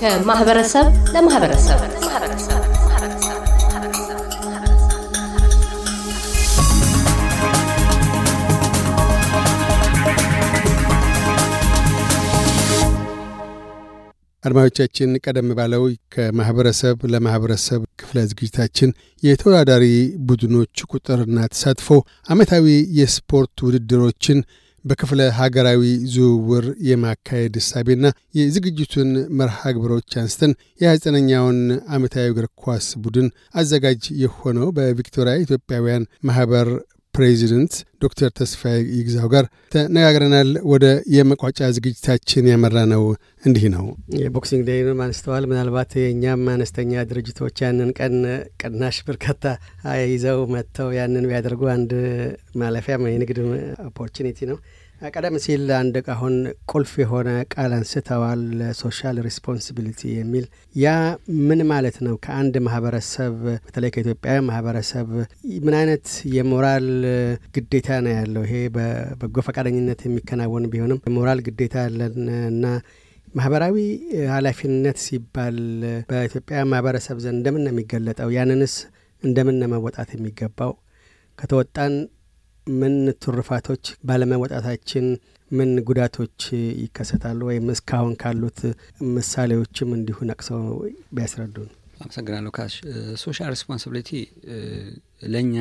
ከማህበረሰብ ለማህበረሰብ አድማጮቻችን ቀደም ባለው ከማህበረሰብ ለማህበረሰብ ክፍለ ዝግጅታችን የተወዳዳሪ ቡድኖች ቁጥርና ተሳትፎ ዓመታዊ የስፖርት ውድድሮችን በክፍለ ሀገራዊ ዝውውር የማካሄድ እሳቤና የዝግጅቱን መርሃ ግብሮች አንስተን የ 29 ዓመታዊ እግር ኳስ ቡድን አዘጋጅ የሆነው በቪክቶሪያ ኢትዮጵያውያን ማኅበር ፕሬዚደንት ዶክተር ተስፋዬ ይግዛው ጋር ተነጋግረናል። ወደ የመቋጫ ዝግጅታችን ያመራ ነው እንዲህ ነው። የቦክሲንግ ዴይኑን አንስተዋል። ምናልባት የእኛም አነስተኛ ድርጅቶች ያንን ቀን ቅናሽ በርካታ ይዘው መጥተው ያንን ቢያደርጉ አንድ ማለፊያ የንግድ ኦፖርቹኒቲ ነው። ቀደም ሲል አንድ አሁን ቁልፍ የሆነ ቃል አንስተዋል፣ ሶሻል ሪስፖንሲቢሊቲ የሚል ያ ምን ማለት ነው? ከአንድ ማህበረሰብ በተለይ ከኢትዮጵያ ማህበረሰብ ምን አይነት የሞራል ግዴታ ነው ያለው? ይሄ በበጎ ፈቃደኝነት የሚከናወን ቢሆንም የሞራል ግዴታ ያለን እና ማህበራዊ ኃላፊነት ሲባል በኢትዮጵያ ማህበረሰብ ዘንድ እንደምን ነው የሚገለጠው? ያንንስ እንደምን ነው መወጣት የሚገባው ከተወጣን ምን ትሩፋቶች ባለመወጣታችን ምን ጉዳቶች ይከሰታሉ? ወይም እስካሁን ካሉት ምሳሌዎችም እንዲሁ ነቅሰው ቢያስረዱን። አመሰግናለሁ። ካሽ ሶሻል ሪስፖንሲቢሊቲ ለእኛ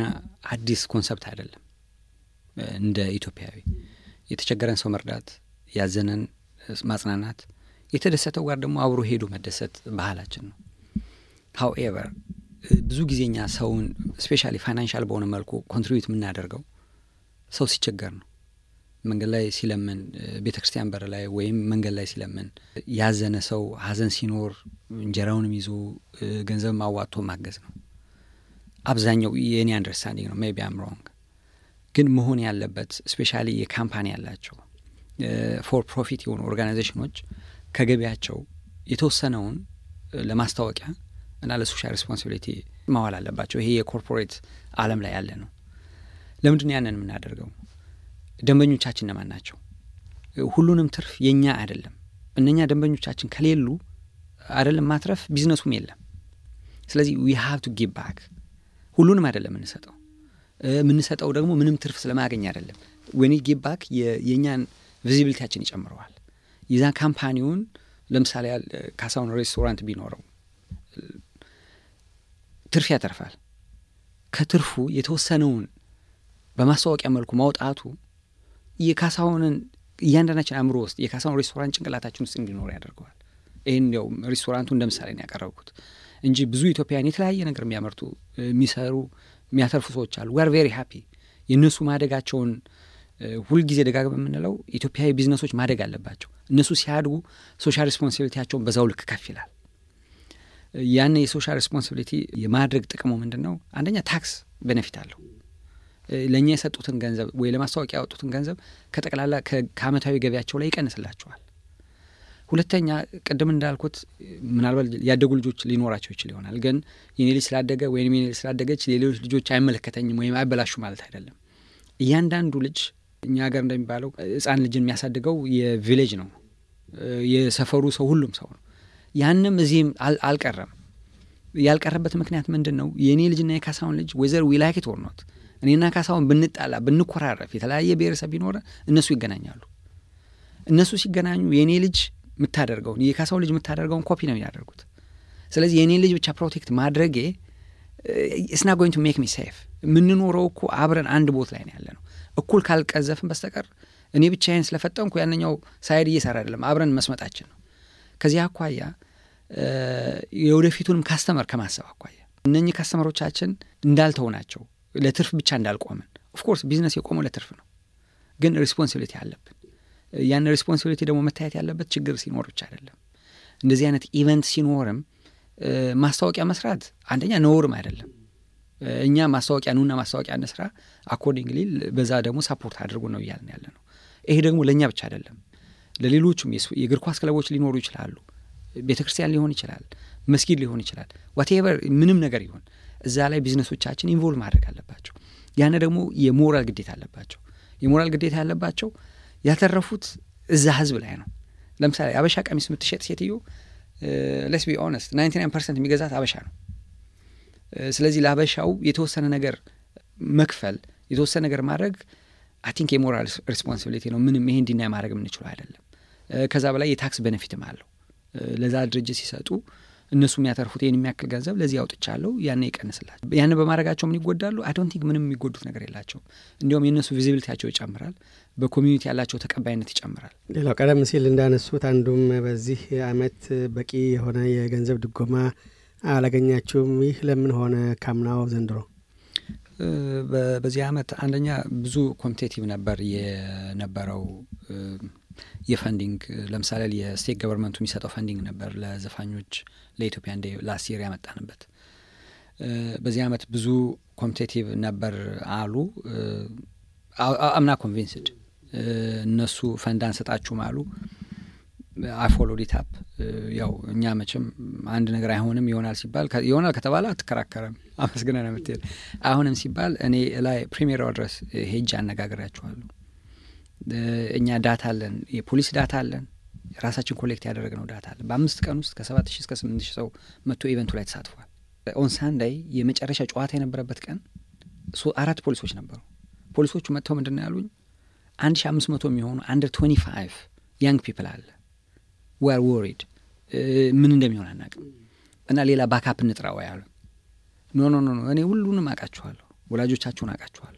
አዲስ ኮንሰፕት አይደለም። እንደ ኢትዮጵያዊ የተቸገረን ሰው መርዳት፣ ያዘነን ማጽናናት፣ የተደሰተው ጋር ደግሞ አብሮ ሄዶ መደሰት ባህላችን ነው። ሀውኤቨር ብዙ ጊዜኛ ሰውን ስፔሻሊ ፋይናንሻል በሆነ መልኩ ኮንትሪቢዩት የምናደርገው ሰው ሲቸገር ነው። መንገድ ላይ ሲለምን፣ ቤተ ክርስቲያን በር ላይ ወይም መንገድ ላይ ሲለምን፣ ያዘነ ሰው ሀዘን ሲኖር እንጀራውንም ይዞ ገንዘብ አዋጥቶ ማገዝ ነው። አብዛኛው የእኔ አንደርስታንዲንግ ነው። ቢ አም ሮንግ፣ ግን መሆን ያለበት ስፔሻሊ የካምፓኒ ያላቸው ፎር ፕሮፊት የሆኑ ኦርጋናይዜሽኖች ከገቢያቸው የተወሰነውን ለማስታወቂያ እና ለሶሻል ሪስፖንሲቢሊቲ ማዋል አለባቸው። ይሄ የኮርፖሬት አለም ላይ ያለ ነው። ለምንድን ያንን የምናደርገው? ደንበኞቻችን ነማን ናቸው? ሁሉንም ትርፍ የእኛ አይደለም። እነኛ ደንበኞቻችን ከሌሉ አይደለም ማትረፍ ቢዝነሱም የለም። ስለዚህ ዊ ሃቭ ቱ ጊቭ ባክ። ሁሉንም አይደለም የምንሰጠው የምንሰጠው ደግሞ ምንም ትርፍ ስለማያገኝ አይደለም። ወኒ ጊቭ ባክ የእኛን ቪዚቢሊቲያችን ይጨምረዋል። የዛ ካምፓኒውን ለምሳሌ ያል ካሳውን ሬስቶራንት ቢኖረው ትርፍ ያተርፋል። ከትርፉ የተወሰነውን በማስታወቂያ መልኩ ማውጣቱ የካሳሁንን እያንዳንዳችን አእምሮ ውስጥ የካሳሁን ሬስቶራንት ጭንቅላታችን ውስጥ እንዲኖር ያደርገዋል። ይህን ው ሬስቶራንቱ እንደ ምሳሌ ነው ያቀረብኩት እንጂ ብዙ ኢትዮጵያውያን የተለያየ ነገር የሚያመርቱ የሚሰሩ፣ የሚያተርፉ ሰዎች አሉ። ዌር ቬሪ ሃፒ የእነሱ ማደጋቸውን ሁልጊዜ ደጋግም የምንለው ኢትዮጵያዊ ቢዝነሶች ማደግ አለባቸው። እነሱ ሲያድጉ ሶሻል ሬስፖንሲቢሊቲያቸውን በዛው ልክ ከፍ ይላል። ያን የሶሻል ሬስፖንሲቢሊቲ የማድረግ ጥቅሙ ምንድን ነው? አንደኛ ታክስ ቤኔፊት አለው። ለእኛ የሰጡትን ገንዘብ ወይ ለማስታወቂያ ያወጡትን ገንዘብ ከጠቅላላ ከአመታዊ ገቢያቸው ላይ ይቀንስላቸዋል። ሁለተኛ ቅድም እንዳልኩት ምናልባት ያደጉ ልጆች ሊኖራቸው ይችል ይሆናል። ግን የኔ ልጅ ስላደገ ወይም የኔ ልጅ ስላደገች ሌሎች ልጆች አይመለከተኝም ወይም አይበላሹ ማለት አይደለም። እያንዳንዱ ልጅ እኛ ሀገር እንደሚባለው ህፃን ልጅን የሚያሳድገው የቪሌጅ ነው፣ የሰፈሩ ሰው ሁሉም ሰው ነው። ያንም እዚህም አልቀረም። ያልቀረበት ምክንያት ምንድን ነው? የእኔ ልጅና የካሳሁን ልጅ ወይዘር ዊላይክት ወርኖት እኔና ካሳሁን ብንጣላ ብንኮራረፍ የተለያየ ብሔረሰብ ቢኖረ እነሱ ይገናኛሉ። እነሱ ሲገናኙ የእኔ ልጅ የምታደርገውን የካሳው ልጅ የምታደርገውን ኮፒ ነው የሚያደርጉት። ስለዚህ የእኔ ልጅ ብቻ ፕሮቴክት ማድረጌ እስና ጎይን ሜክ ሚ ሴፍ። የምንኖረው እኮ አብረን አንድ ቦት ላይ ነው ያለ ነው። እኩል ካልቀዘፍን በስተቀር እኔ ብቻዬን ስለፈጠንኩ ያንኛው ሳይድ እየሰራ አይደለም። አብረን መስመጣችን ነው። ከዚህ አኳያ የወደፊቱንም ካስተመር ከማሰብ አኳያ እነኚህ ካስተመሮቻችን እንዳልተው ናቸው። ለትርፍ ብቻ እንዳልቆምን ኦፍኮርስ ቢዝነስ የቆመው ለትርፍ ነው፣ ግን ሪስፖንሲቢሊቲ አለብን። ያን ሪስፖንሲቢሊቲ ደግሞ መታየት ያለበት ችግር ሲኖር ብቻ አይደለም። እንደዚህ አይነት ኢቨንት ሲኖርም ማስታወቂያ መስራት አንደኛ ነውርም አይደለም። እኛ ማስታወቂያ ኑና ማስታወቂያ እንስራ አኮርዲንግሊ፣ በዛ ደግሞ ሳፖርት አድርጉ ነው እያልን ያለ ነው። ይሄ ደግሞ ለእኛ ብቻ አይደለም፣ ለሌሎቹም የእግር ኳስ ክለቦች ሊኖሩ ይችላሉ፣ ቤተ ክርስቲያን ሊሆን ይችላል፣ መስጊድ ሊሆን ይችላል፣ ዋቴቨር ምንም ነገር ይሆን እዛ ላይ ቢዝነሶቻችን ኢንቮልቭ ማድረግ አለባቸው። ያን ደግሞ የሞራል ግዴታ አለባቸው። የሞራል ግዴታ ያለባቸው ያተረፉት እዛ ህዝብ ላይ ነው። ለምሳሌ አበሻ ቀሚስ የምትሸጥ ሴትዮ ሌስ ቢ ኦነስት ናይንቲ ናይን ፐርሰንት የሚገዛት አበሻ ነው። ስለዚህ ለአበሻው የተወሰነ ነገር መክፈል የተወሰነ ነገር ማድረግ አይ ቲንክ የሞራል ሪስፖንሲቢሊቲ ነው። ምንም ይሄ እንዲና ማድረግ የምንችለው አይደለም። ከዛ በላይ የታክስ ቤኔፊትም አለው ለዛ ድርጅት ሲሰጡ እነሱ የሚያተርፉት ይህን የሚያክል ገንዘብ ለዚህ አውጥቻለሁ ያን ይቀንስላቸው። ያን በማድረጋቸው ምን ይጎዳሉ? አይዶንት ቲንክ ምንም የሚጎዱት ነገር የላቸውም። እንዲሁም የእነሱ ቪዚቢሊቲያቸው ይጨምራል፣ በኮሚኒቲ ያላቸው ተቀባይነት ይጨምራል። ሌላው ቀደም ሲል እንዳነሱት አንዱም በዚህ አመት በቂ የሆነ የገንዘብ ድጎማ አላገኛችሁም። ይህ ለምን ሆነ ካምናው ዘንድሮ? በዚህ አመት አንደኛ ብዙ ኮምፒቴቲቭ ነበር የነበረው የፈንዲንግ ለምሳሌ የስቴት ገቨርንመንቱ የሚሰጠው ፈንዲንግ ነበር ለዘፋኞች ለኢትዮጵያ እንደ ላስት ያመጣንበት። በዚህ አመት ብዙ ኮምፒቴቲቭ ነበር አሉ። አምና ኮንቪንስድ እነሱ ፈንድ አንሰጣችሁም አሉ። አይፎሎዲታፕ ያው እኛ መቼም አንድ ነገር አይሆንም ይሆናል ሲባል ይሆናል ከተባለ አትከራከረም፣ አመስግነን የምትሄድ አይሆንም ሲባል እኔ ላይ ፕሪሚየር ድረስ ሄጅ አነጋግሬያችኋለሁ እኛ ዳታ አለን፣ የፖሊስ ዳታ አለን፣ ራሳችን ኮሌክት ያደረግ ነው ዳታ አለን። በአምስት ቀን ውስጥ ከሰባት ሺህ እስከ ስምንት ሺህ ሰው መጥቶ ኢቨንቱ ላይ ተሳትፏል። ኦን ሳንዳይ የመጨረሻ ጨዋታ የነበረበት ቀን አራት ፖሊሶች ነበሩ። ፖሊሶቹ መጥተው ምንድን ነው ያሉኝ? አንድ ሺ አምስት መቶ የሚሆኑ አንደር ትዌንቲ ፋይቭ ያንግ ፒፕል አለ ዌር ወሪድ ምን እንደሚሆን አናውቅም እና ሌላ ባካፕ እንጥራው ያሉ ኖ ኖ ኖ እኔ ሁሉንም አውቃችኋለሁ፣ ወላጆቻችሁን አውቃችኋለሁ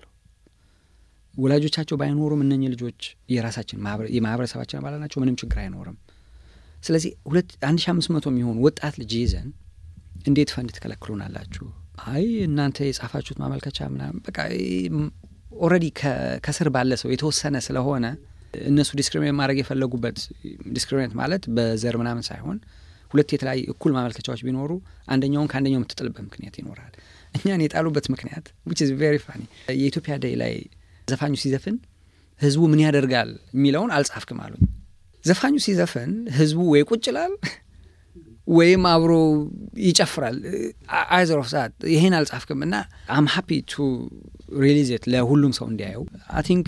ወላጆቻቸው ባይኖሩም እነኚህ ልጆች የራሳችን የማህበረሰባችን አባላት ናቸው። ምንም ችግር አይኖርም። ስለዚህ ሁለት አንድ ሺ አምስት መቶ የሚሆኑ ወጣት ልጅ ይዘን እንዴት ፈንድ ትከለክሉናላችሁ? አይ እናንተ የጻፋችሁት ማመልከቻ ምናምን በቃ ኦልሬዲ ከስር ባለ ሰው የተወሰነ ስለሆነ እነሱ ዲስክሪሚኔት ማድረግ የፈለጉበት ዲስክሪሚኔት ማለት በዘር ምናምን ሳይሆን ሁለት የተለያዩ እኩል ማመልከቻዎች ቢኖሩ አንደኛውን ከአንደኛው የምትጥልበት ምክንያት ይኖራል። እኛን የጣሉበት ምክንያት ዊች ኢዝ ቬሪ ፋኒ የኢትዮጵያ ደይ ላይ ዘፋኙ ሲዘፍን ህዝቡ ምን ያደርጋል የሚለውን አልጻፍክም አሉኝ። ዘፋኙ ሲዘፍን ህዝቡ ወይ ቁጭ ይላል ወይም አብሮ ይጨፍራል። አይዘር ኦፍ ሰዓት ይሄን አልጻፍክም እና አም ሃፒ ቱ ሪሊዝ ኢት ለሁሉም ሰው እንዲያየው አይ ቲንክ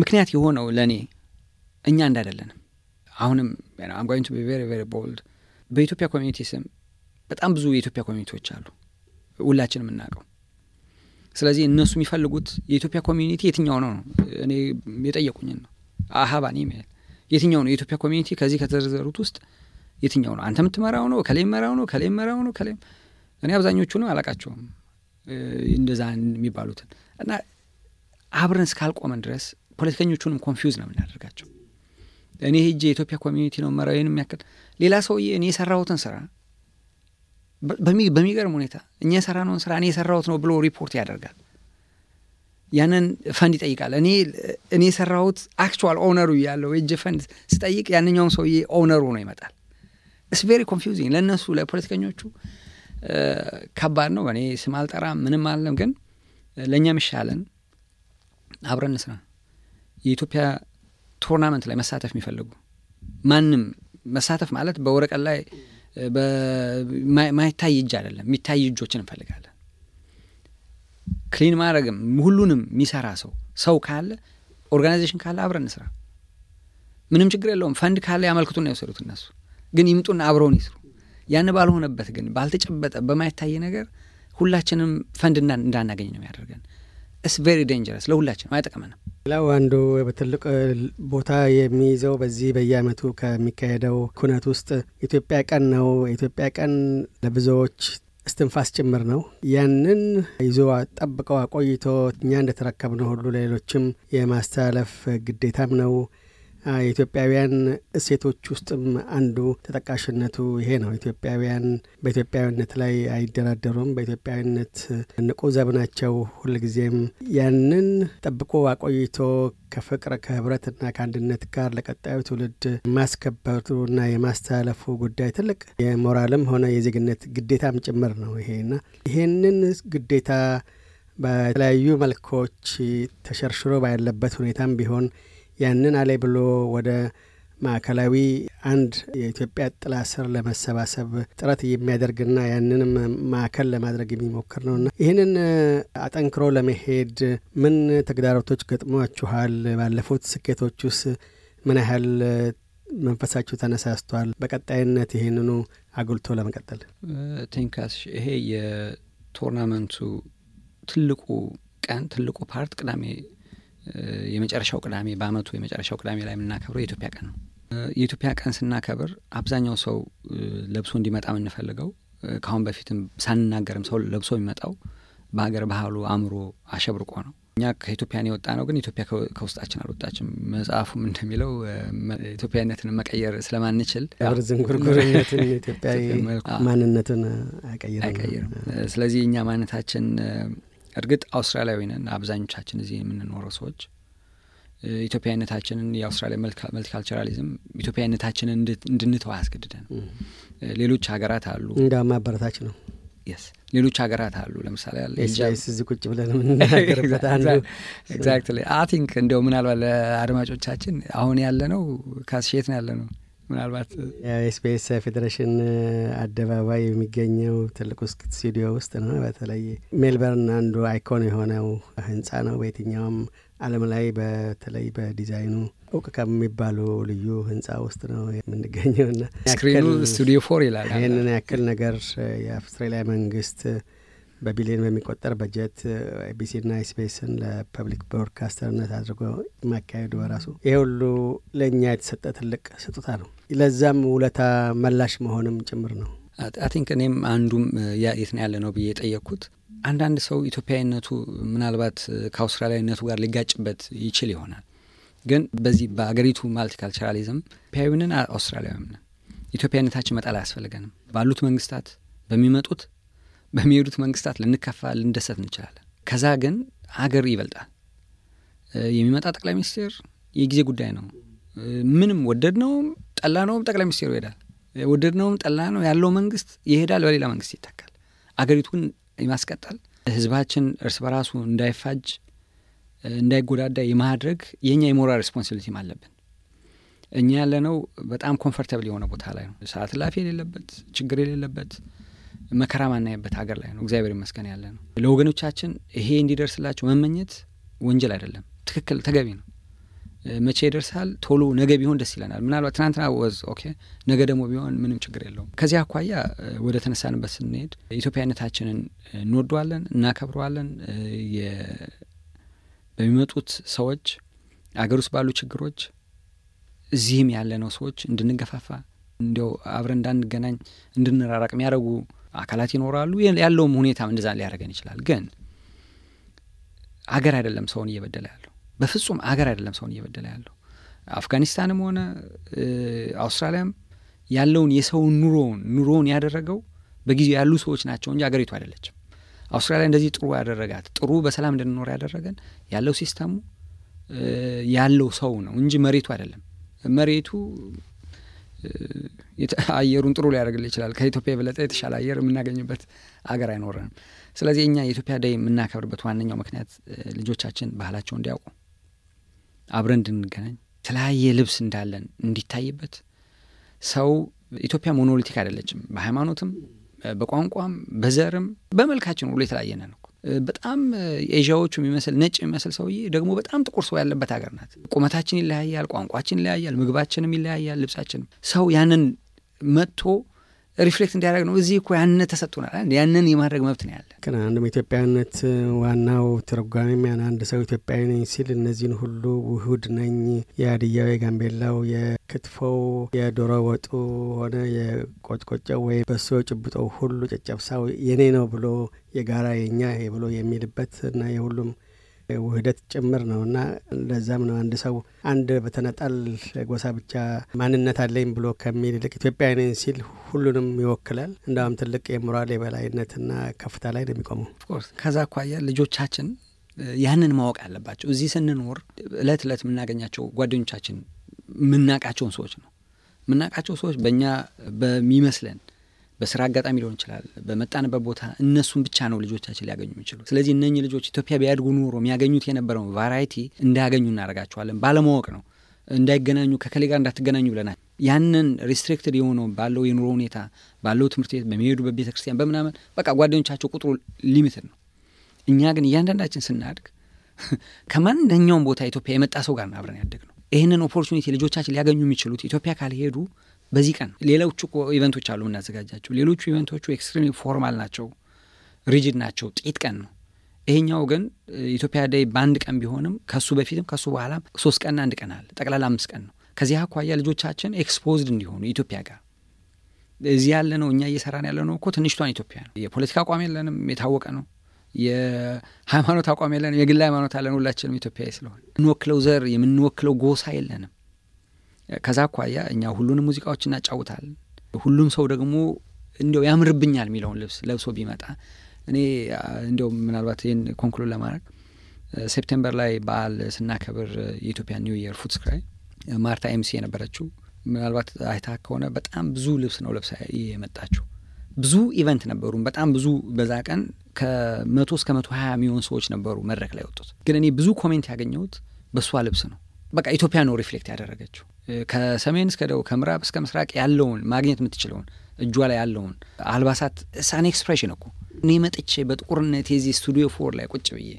ምክንያት የሆነው ለእኔ እኛ እንዳደለንም አሁንም አም ጎይንግ ቱ ቢ ቬሪ ቬሪ ቦልድ በኢትዮጵያ ኮሚኒቲ ስም በጣም ብዙ የኢትዮጵያ ኮሚኒቲዎች አሉ ሁላችንም የምናውቀው ስለዚህ እነሱ የሚፈልጉት የኢትዮጵያ ኮሚኒቲ የትኛው ነው ነው እኔ የጠየቁኝን ነው አሀባን ይል የትኛው ነው የኢትዮጵያ ኮሚኒቲ ከዚህ ከተዘረዘሩት ውስጥ የትኛው ነው አንተ የምትመራው ነው ከላይ መራው ነው ከላይ መራው ነው ከላይ እኔ ነው አላቃቸውም እንደዛ የሚባሉትን እና አብረን እስካልቆመን ድረስ ፖለቲከኞቹንም ኮንፊውዝ ነው የምናደርጋቸው። እኔ ሄጄ የኢትዮጵያ ኮሚኒቲ ነው መራዊን የሚያክል ሌላ ሰውዬ እኔ የሰራሁትን ስራ በሚገርም ሁኔታ እኛ የሰራነውን ስራ እኔ የሰራሁት ነው ብሎ ሪፖርት ያደርጋል። ያንን ፈንድ ይጠይቃል። እኔ እኔ የሰራሁት አክቹዋል ኦነሩ ያለው የእጅ ፈንድ ስጠይቅ ያንኛውም ሰውዬ ኦነሩ ነው ይመጣል። ኢትስ ቬሪ ኮንፊውዚንግ ለእነሱ ለፖለቲከኞቹ ከባድ ነው። እኔ ስም አልጠራም ምንም አለም፣ ግን ለእኛ ምሻለን አብረን እንስራ። የኢትዮጵያ ቶርናመንት ላይ መሳተፍ የሚፈልጉ ማንም መሳተፍ ማለት በወረቀት ላይ ማይታይ እጅ አይደለም፣ የሚታይ እጆችን እንፈልጋለን። ክሊን ማድረግም ሁሉንም የሚሰራ ሰው ሰው ካለ ኦርጋናይዜሽን ካለ አብረን እንስራ። ምንም ችግር የለውም። ፈንድ ካለ ያመልክቱና የወሰዱት እነሱ ግን ይምጡና አብረውን ይስሩ። ያን ባልሆነበት ግን ባልተጨበጠ በማይታይ ነገር ሁላችንም ፈንድ እንዳናገኝ ነው ያደርገን። ስ ቨሪ ዴንጀረስ ለሁላችንም አይጠቅመንም። ሌላው አንዱ በትልቅ ቦታ የሚይዘው በዚህ በየአመቱ ከሚካሄደው ኩነት ውስጥ ኢትዮጵያ ቀን ነው። የኢትዮጵያ ቀን ለብዙዎች እስትንፋስ ጭምር ነው። ያንን ይዞ ጠብቀው አቆይቶ እኛ እንደተረከብነው ሁሉ ሌሎችም የማስተላለፍ ግዴታም ነው። የኢትዮጵያውያን እሴቶች ውስጥም አንዱ ተጠቃሽነቱ ይሄ ነው። ኢትዮጵያውያን በኢትዮጵያዊነት ላይ አይደራደሩም። በኢትዮጵያዊነት ንቁ ዘብ ናቸው። ሁልጊዜም ያንን ጠብቆ አቆይቶ ከፍቅር ከህብረትና ከአንድነት ጋር ለቀጣዩ ትውልድ የማስከበሩና የማስተላለፉ ጉዳይ ትልቅ የሞራልም ሆነ የዜግነት ግዴታም ጭምር ነው ይሄና ይሄንን ግዴታ በተለያዩ መልኮች ተሸርሽሮ ባለበት ሁኔታም ቢሆን ያንን አላይ ብሎ ወደ ማዕከላዊ አንድ የኢትዮጵያ ጥላ ስር ለመሰባሰብ ጥረት የሚያደርግና ያንንም ማዕከል ለማድረግ የሚሞክር ነውና ይህንን አጠንክሮ ለመሄድ ምን ተግዳሮቶች ገጥሟችኋል? ባለፉት ስኬቶች ምን ያህል መንፈሳችሁ ተነሳስቷል? በቀጣይነት ይህንኑ አጉልቶ ለመቀጠል ቴንካስ ይሄ የቶርናመንቱ ትልቁ ቀን ትልቁ ፓርት ቅዳሜ የመጨረሻው ቅዳሜ በአመቱ የመጨረሻው ቅዳሜ ላይ የምናከብረው የኢትዮጵያ ቀን ነው። የኢትዮጵያ ቀን ስናከብር አብዛኛው ሰው ለብሶ እንዲመጣ የምንፈልገው ከአሁን በፊትም ሳንናገርም ሰው ለብሶ የሚመጣው በሀገር ባህሉ አእምሮ አሸብርቆ ነው። እኛ ከኢትዮጵያን የወጣ ነው፣ ግን ኢትዮጵያ ከውስጣችን አልወጣችም። መጽሐፉም እንደሚለው ኢትዮጵያዊነትን መቀየር ስለማንችል ዝንጉርጉርነትን ኢትዮጵያዊ ማንነትን አይቀይርም። ስለዚህ እኛ ማንነታችን እርግጥ አውስትራሊያዊ ነን አብዛኞቻችን እዚህ የምንኖረው ሰዎች ኢትዮጵያዊነታችንን የአውስትራሊያ መልቲካልቸራሊዝም ኢትዮጵያዊነታችንን እንድንተው አያስገድደን። ሌሎች ሀገራት አሉ እንደ ማበረታች ነው ስ ሌሎች ሀገራት አሉ። ለምሳሌ ያለስ ቁጭ ብለን የምንናገርበት ኤግዛክትሊ አይ ቲንክ እንደው ምናልባት ለአድማጮቻችን አሁን ያለ ነው ካስሼት ነው ያለ ነው ምናልባት የስፔስ ፌዴሬሽን አደባባይ የሚገኘው ትልቁ ስቱዲዮ ውስጥ ነው። በተለይ ሜልበርን አንዱ አይኮን የሆነው ህንፃ ነው። በየትኛውም ዓለም ላይ በተለይ በዲዛይኑ እውቅ ከሚባሉ ልዩ ህንፃ ውስጥ ነው የምንገኘው እና ስክሪኑ ስቱዲዮ ፎር ይላል። ይህንን ያክል ነገር የአውስትራሊያ መንግስት በቢሊዮን በሚቆጠር በጀት ኤቢሲና ስፔስን ለፐብሊክ ብሮድካስተርነት አድርጎ ማካሄዱ በራሱ ይሄ ሁሉ ለእኛ የተሰጠ ትልቅ ስጦታ ነው። ለዛም ውለታ መላሽ መሆንም ጭምር ነው። አይቲንክ እኔም አንዱም የት ነው ያለ ነው ብዬ የጠየቅኩት አንዳንድ ሰው ኢትዮጵያዊነቱ ምናልባት ከአውስትራሊያዊነቱ ጋር ሊጋጭበት ይችል ይሆናል። ግን በዚህ በአገሪቱ ማልቲካልቸራሊዝም ኢትዮጵያዊንን አውስትራሊያዊም ነን። ኢትዮጵያዊነታችን መጣል አያስፈልገንም። ባሉት መንግስታት፣ በሚመጡት በሚሄዱት መንግስታት ልንከፋ ልንደሰት እንችላለን። ከዛ ግን አገር ይበልጣል። የሚመጣ ጠቅላይ ሚኒስትር የጊዜ ጉዳይ ነው። ምንም ወደድ ነውም ጠላ ነውም ጠቅላይ ሚኒስቴሩ ይሄዳል። ወደድ ነውም ጠላ ነው ያለው መንግስት ይሄዳል፣ በሌላ መንግስት ይተካል። አገሪቱን ይማስቀጣል። ህዝባችን እርስ በራሱ እንዳይፋጅ እንዳይጎዳዳ የማድረግ የእኛ የሞራል ሬስፖንሲቢሊቲም አለብን። እኛ ያለነው በጣም ኮምፈርታብል የሆነ ቦታ ላይ ነው። ሰዓት ላፊ የሌለበት ችግር የሌለበት መከራ ማናየበት ሀገር ላይ ነው እግዚአብሔር ይመስገን ያለ ነው። ለወገኖቻችን ይሄ እንዲደርስላቸው መመኘት ወንጀል አይደለም፣ ትክክል ተገቢ ነው። መቼ ይደርሳል? ቶሎ ነገ ቢሆን ደስ ይለናል። ምናልባት ትናንትና ወዝ ኦኬ፣ ነገ ደግሞ ቢሆን ምንም ችግር የለውም። ከዚህ አኳያ ወደ ተነሳንበት ስንሄድ ኢትዮጵያዊነታችንን እንወደዋለን፣ እናከብረዋለን። በሚመጡት ሰዎች አገር ውስጥ ባሉ ችግሮች እዚህም ያለነው ሰዎች እንድንገፋፋ እንዲያው አብረን እንዳንገናኝ እንድንራራቅ የሚያደርጉ አካላት ይኖራሉ። ያለውም ሁኔታም እንደዛ ሊያደርገን ይችላል። ግን አገር አይደለም ሰውን እየበደለ ያለው በፍጹም አገር አይደለም ሰውን እየበደለ ያለው። አፍጋኒስታንም ሆነ አውስትራሊያም ያለውን የሰውን ኑሮውን ኑሮውን ያደረገው በጊዜው ያሉ ሰዎች ናቸው እንጂ አገሪቱ አይደለችም። አውስትራሊያ እንደዚህ ጥሩ ያደረጋት ጥሩ በሰላም እንድንኖር ያደረገን ያለው ሲስተሙ ያለው ሰው ነው እንጂ መሬቱ አይደለም። መሬቱ አየሩን ጥሩ ሊያደርግል ይችላል። ከኢትዮጵያ የበለጠ የተሻለ አየር የምናገኝበት አገር አይኖረንም። ስለዚህ እኛ የኢትዮጵያ ደይ የምናከብርበት ዋነኛው ምክንያት ልጆቻችን ባህላቸው እንዲያውቁ አብረን እንድንገናኝ የተለያየ ልብስ እንዳለን እንዲታይበት ሰው ኢትዮጵያ ሞኖሊቲክ አይደለችም። በሃይማኖትም፣ በቋንቋም፣ በዘርም በመልካችን ሁሉ የተለያየነ ነው። በጣም ኤዥያዎቹ የሚመስል ነጭ የሚመስል ሰውዬ ደግሞ በጣም ጥቁር ሰው ያለበት ሀገር ናት። ቁመታችን ይለያያል፣ ቋንቋችን ይለያያል፣ ምግባችንም ይለያያል፣ ልብሳችንም ሰው ያንን መጥቶ ሪፍሌክት እንዲያደረግ ነው። እዚህ እኮ ያንን ተሰጥቶናል። ያንን የማድረግ መብት ነው ያለ። ግን አንድም ኢትዮጵያዊነት ዋናው ትርጓሜም ያን አንድ ሰው ኢትዮጵያዊ ነኝ ሲል እነዚህን ሁሉ ውሁድ ነኝ የሀዲያው፣ የጋምቤላው፣ የክትፎው፣ የዶሮ ወጡ ሆነ የቆጭቆጨው ወይ በሶ ጭብጦው ሁሉ ጨጨብሳው የኔ ነው ብሎ የጋራ የኛ ብሎ የሚልበት እና የሁሉም ውህደት ጭምር ነው እና ለዛም ነው አንድ ሰው አንድ በተነጣል ጎሳ ብቻ ማንነት አለኝ ብሎ ከሚል ይልቅ ኢትዮጵያ ነኝ ሲል ሁሉንም ይወክላል። እንደውም ትልቅ የሞራል የበላይነትና ከፍታ ላይ ነው የሚቆመው። ኦፍኮርስ ከዛ አኳያ ልጆቻችን ያንን ማወቅ አለባቸው። እዚህ ስንኖር እለት እለት የምናገኛቸው ጓደኞቻችን የምናቃቸውን ሰዎች ነው የምናቃቸው ሰዎች በእኛ በሚመስለን በስራ አጋጣሚ ሊሆን ይችላል፣ በመጣንበት ቦታ እነሱን ብቻ ነው ልጆቻችን ሊያገኙ የሚችሉ። ስለዚህ እነኚህ ልጆች ኢትዮጵያ ቢያድጉ ኑሮ የሚያገኙት የነበረውን ቫራይቲ እንዳያገኙ እናደርጋቸዋለን። ባለማወቅ ነው እንዳይገናኙ ከከሌ ጋር እንዳትገናኙ ብለናል። ያንን ሪስትሪክትድ የሆነው ባለው የኑሮ ሁኔታ ባለው ትምህርት ቤት በሚሄዱበት ቤተ ክርስቲያን በምናምን በቃ ጓደኞቻቸው ቁጥሩ ሊሚትድ ነው። እኛ ግን እያንዳንዳችን ስናድግ ከማንኛውም ቦታ ኢትዮጵያ የመጣ ሰው ጋር አብረን ያደግ ነው። ይህንን ኦፖርቹኒቲ ልጆቻችን ሊያገኙ የሚችሉት ኢትዮጵያ ካልሄዱ በዚህ ቀን ሌሎቹ ኢቨንቶች አሉ የምናዘጋጃቸው። ሌሎቹ ኢቨንቶቹ ኤክስትሪም ፎርማል ናቸው፣ ሪጅድ ናቸው፣ ጥቂት ቀን ነው። ይሄኛው ግን ኢትዮጵያ ዳይ በአንድ ቀን ቢሆንም ከሱ በፊትም ከሱ በኋላም ሶስት ቀንና አንድ ቀን አለ። ጠቅላላ አምስት ቀን ነው። ከዚህ አኳያ ልጆቻችን ኤክስፖዝድ እንዲሆኑ ኢትዮጵያ ጋር እዚህ ያለ ነው። እኛ እየሰራን ያለ ነው እኮ ትንሽቷን ኢትዮጵያ ነው። የፖለቲካ አቋም የለንም፣ የታወቀ ነው። የሃይማኖት አቋም የለንም፣ የግል ሃይማኖት አለን። ሁላችንም ኢትዮጵያዊ ስለሆነ የምንወክለው ዘር የምንወክለው ጎሳ የለንም። ከዛ አኳያ እኛ ሁሉንም ሙዚቃዎች እናጫውታል። ሁሉም ሰው ደግሞ እንዲያው ያምርብኛል የሚለውን ልብስ ለብሶ ቢመጣ እኔ እንዲያው ምናልባት ይህን ኮንክሉድ ለማድረግ ሴፕቴምበር ላይ በዓል ስናከብር የኢትዮጵያ ኒው ኢየር ፉትስ ማርታ ኤምሲ የነበረችው ምናልባት አይታ ከሆነ በጣም ብዙ ልብስ ነው ለብሳ የመጣችው። ብዙ ኢቨንት ነበሩ። በጣም ብዙ በዛ ቀን ከመቶ እስከ መቶ ሀያ ሚሊዮን ሰዎች ነበሩ መድረክ ላይ ወጡት። ግን እኔ ብዙ ኮሜንት ያገኘሁት በእሷ ልብስ ነው። በቃ ኢትዮጵያ ነው ሪፍሌክት ያደረገችው ከሰሜን እስከ ደቡብ ከምዕራብ እስከ ምስራቅ ያለውን ማግኘት የምትችለውን እጇ ላይ ያለውን አልባሳት ሳን ኤክስፕሬሽን እኮ እኔ መጥቼ በጥቁርነት የዚህ ስቱዲዮ ፎር ላይ ቁጭ ብዬ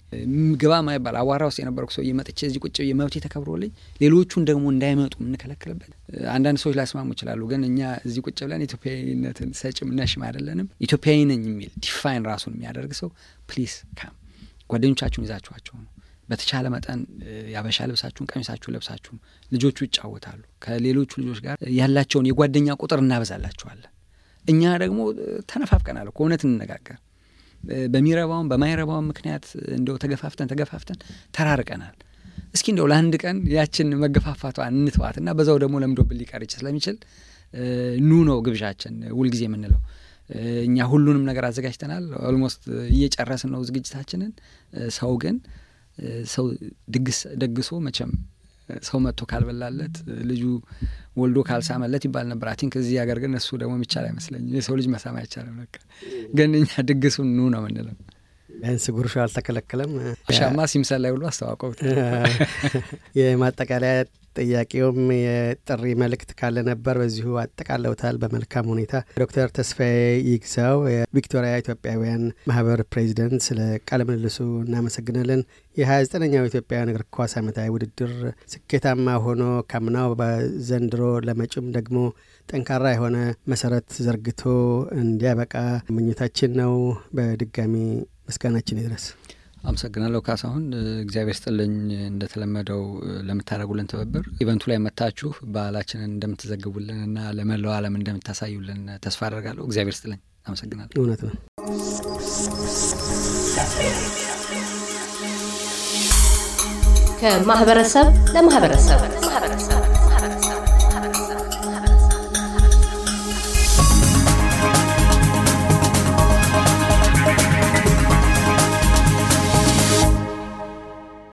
ግባ ማይባል አዋራ ውስጥ የነበርኩ ሰው መጥቼ እዚህ ቁጭ ብዬ መብቴ ተከብሮልኝ ሌሎቹን ደግሞ እንዳይመጡ የምንከለክልበት አንዳንድ ሰዎች ላስማሙ ይችላሉ። ግን እኛ እዚህ ቁጭ ብለን ኢትዮጵያዊነትን ሰጭም ነሽም አይደለንም። ኢትዮጵያዊ ነኝ የሚል ዲፋይን ራሱን የሚያደርግ ሰው ፕሊስ ካም ጓደኞቻችሁን ይዛችኋቸው ነው በተቻለ መጠን ያበሻ ልብሳችሁን ቀሚሳችሁን ለብሳችሁም ልጆቹ ይጫወታሉ። ከሌሎቹ ልጆች ጋር ያላቸውን የጓደኛ ቁጥር እናበዛላችኋለን። እኛ ደግሞ ተነፋፍቀናል እኮ እውነት እንነጋገር። በሚረባውን በማይረባውን ምክንያት እንደው ተገፋፍተን ተገፋፍተን ተራርቀናል። እስኪ እንደው ለአንድ ቀን ያችን መገፋፋቷን እንትዋት እና በዛው ደግሞ ለምዶብን ሊቀር ስለሚችል ኑ ነው ግብዣችን ሁልጊዜ የምንለው። እኛ ሁሉንም ነገር አዘጋጅተናል። ኦልሞስት እየጨረስን ነው ዝግጅታችንን። ሰው ግን ሰው ድግስ ደግሶ መቼም ሰው መጥቶ ካልበላለት ልጁ ወልዶ ካልሳመለት ይባል ነበር። አቲንክ እዚህ ሀገር ግን እሱ ደግሞ የሚቻል አይመስለኝም። የሰው ልጅ መሳም አይቻልም። በቃ ግን እኛ ድግሱ ኑ ነው ምንለም። ቢያንስ ጉርሻ አልተከለከለም። ሻማ ሲምሰል ላይ ሁሉ አስተዋውቀውት የማጠቃለያ ጥያቄውም የጥሪ መልእክት ካለ ነበር። በዚሁ አጠቃለውታል በመልካም ሁኔታ። ዶክተር ተስፋዬ ይግዛው የቪክቶሪያ ኢትዮጵያውያን ማህበር ፕሬዚደንት፣ ስለ ቃለ ምልልሱ እናመሰግናለን። የ29ኛው ኢትዮጵያውያን እግር ኳስ ዓመታዊ ውድድር ስኬታማ ሆኖ ከምናው በዘንድሮ ለመጪም ደግሞ ጠንካራ የሆነ መሰረት ዘርግቶ እንዲያበቃ ምኞታችን ነው። በድጋሚ ምስጋናችን ይድረስ። አመሰግናለሁ ካሳሁን። እግዚአብሔር ስጥልኝ። እንደተለመደው ለምታደረጉልን ትብብር ኢቨንቱ ላይ መታችሁ ባህላችንን እንደምትዘግቡልን እና ለመላው ዓለም እንደምታሳዩልን ተስፋ አደርጋለሁ። እግዚአብሔር ስጥልኝ። አመሰግናለሁ። እውነት ነው። ከማህበረሰብ ለማህበረሰብ